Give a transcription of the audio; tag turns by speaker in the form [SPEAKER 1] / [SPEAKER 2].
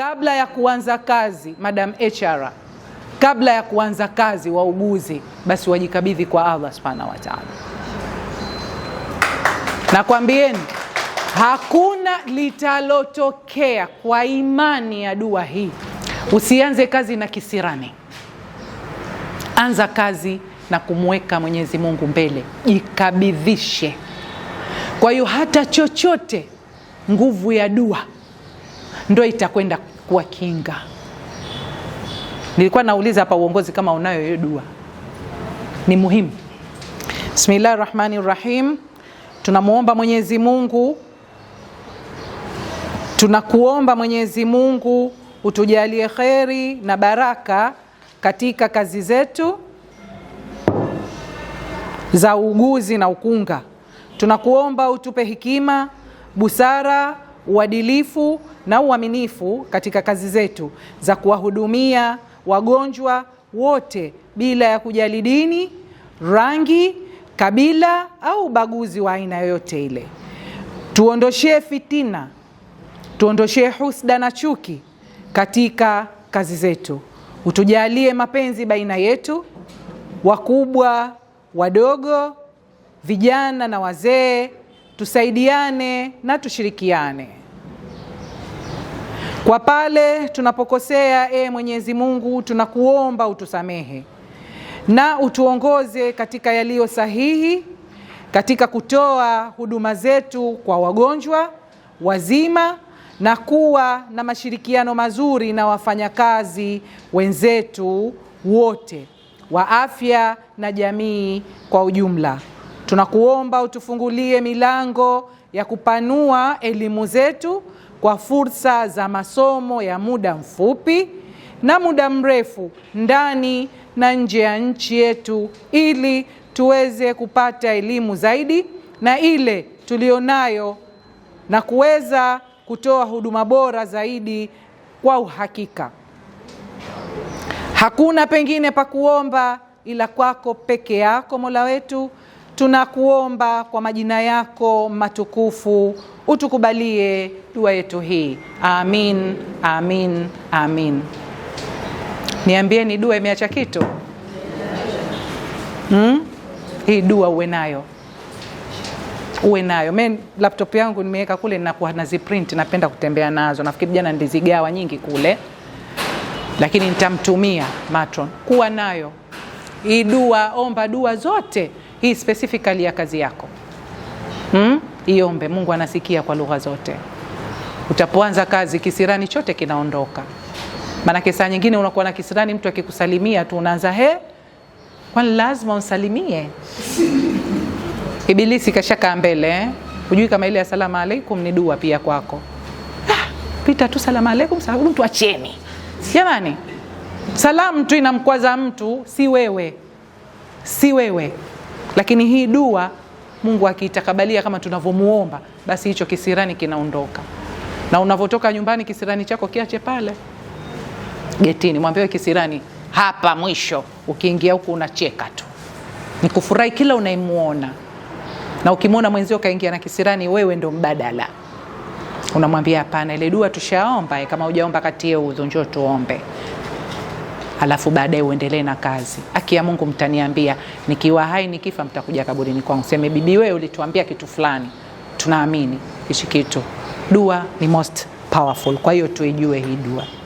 [SPEAKER 1] kabla ya kuanza kazi, madam HR, kabla ya kuanza kazi wauguzi, basi wajikabidhi kwa Allah subhanahu wa ta'ala. Nakwambieni, hakuna litalotokea kwa imani ya dua hii. Usianze kazi na kisirani, anza kazi na kumweka Mwenyezi Mungu mbele, jikabidhishe. Kwa hiyo hata chochote, nguvu ya dua ndo itakwenda kuwa kinga. Nilikuwa nauliza hapa uongozi kama unayo hiyo dua, ni muhimu. Bismillahi rahmani rahim. Tunamwomba Mwenyezi Mungu, tunakuomba Mwenyezi Mungu utujalie kheri na baraka katika kazi zetu za uuguzi na ukunga. Tunakuomba utupe hekima, busara, uadilifu na uaminifu katika kazi zetu za kuwahudumia wagonjwa wote bila ya kujali dini, rangi, kabila au ubaguzi wa aina yoyote ile. Tuondoshee fitina, tuondoshee husda na chuki katika kazi zetu. Utujalie mapenzi baina yetu, wakubwa wadogo, vijana na wazee, tusaidiane na tushirikiane. Kwa pale tunapokosea, e Mwenyezi Mungu, tunakuomba utusamehe na utuongoze katika yaliyo sahihi katika kutoa huduma zetu kwa wagonjwa, wazima na kuwa na mashirikiano mazuri na wafanyakazi wenzetu wote wa afya na jamii kwa ujumla. Tunakuomba utufungulie milango ya kupanua elimu zetu kwa fursa za masomo ya muda mfupi na muda mrefu ndani na nje ya nchi yetu ili tuweze kupata elimu zaidi na ile tulionayo na kuweza kutoa huduma bora zaidi kwa uhakika. Hakuna pengine pa kuomba ila kwako peke yako, Mola wetu. Tunakuomba kwa majina yako matukufu utukubalie dua yetu hii, amin, amin, amin. Niambieni, dua imeacha kitu hmm? Hii dua uwe nayo, uwe nayo. Mimi laptop yangu nimeweka kule, na naziprint, napenda kutembea nazo. Nafikiri jana ndizigawa nyingi kule, lakini nitamtumia matron. Kuwa nayo hii dua, omba dua zote hii specifically ya kazi yako hmm? Iombe Mungu, anasikia kwa lugha zote. Utapoanza kazi, kisirani chote kinaondoka. Maanake saa nyingine unakuwa na kisirani, mtu akikusalimia tu unaanza he, kwani lazima unsalimie? Ibilisi kashakaa mbele eh? Hujui kama ile ya salamu alaikum ni dua pia kwako. Ah, pita tu salamu alaikum, salamu mtu acheni jamani, salamu tu inamkwaza mtu, si wewe, si wewe. Lakini hii dua Mungu akiitakabalia kama tunavyomuomba, basi hicho kisirani kinaondoka. Na unavotoka nyumbani, kisirani chako kiache pale getini, mwambie kisirani hapa mwisho. Ukiingia huku unacheka tu, nikufurahi kila unaimuona. na ukimwona mwenzio kaingia na kisirani, wewe ndo mbadala. Unamwambia hapana, ile dua tushaomba. Eh, kama hujaomba kati yetu, njoo tuombe alafu baadaye uendelee na kazi. Haki ya Mungu, mtaniambia nikiwa hai, nikifa, mtakuja kaburini kwangu, seme bibi, wewe ulituambia kitu fulani, tunaamini hichi kitu. Dua ni most powerful, kwa hiyo tuijue hii dua.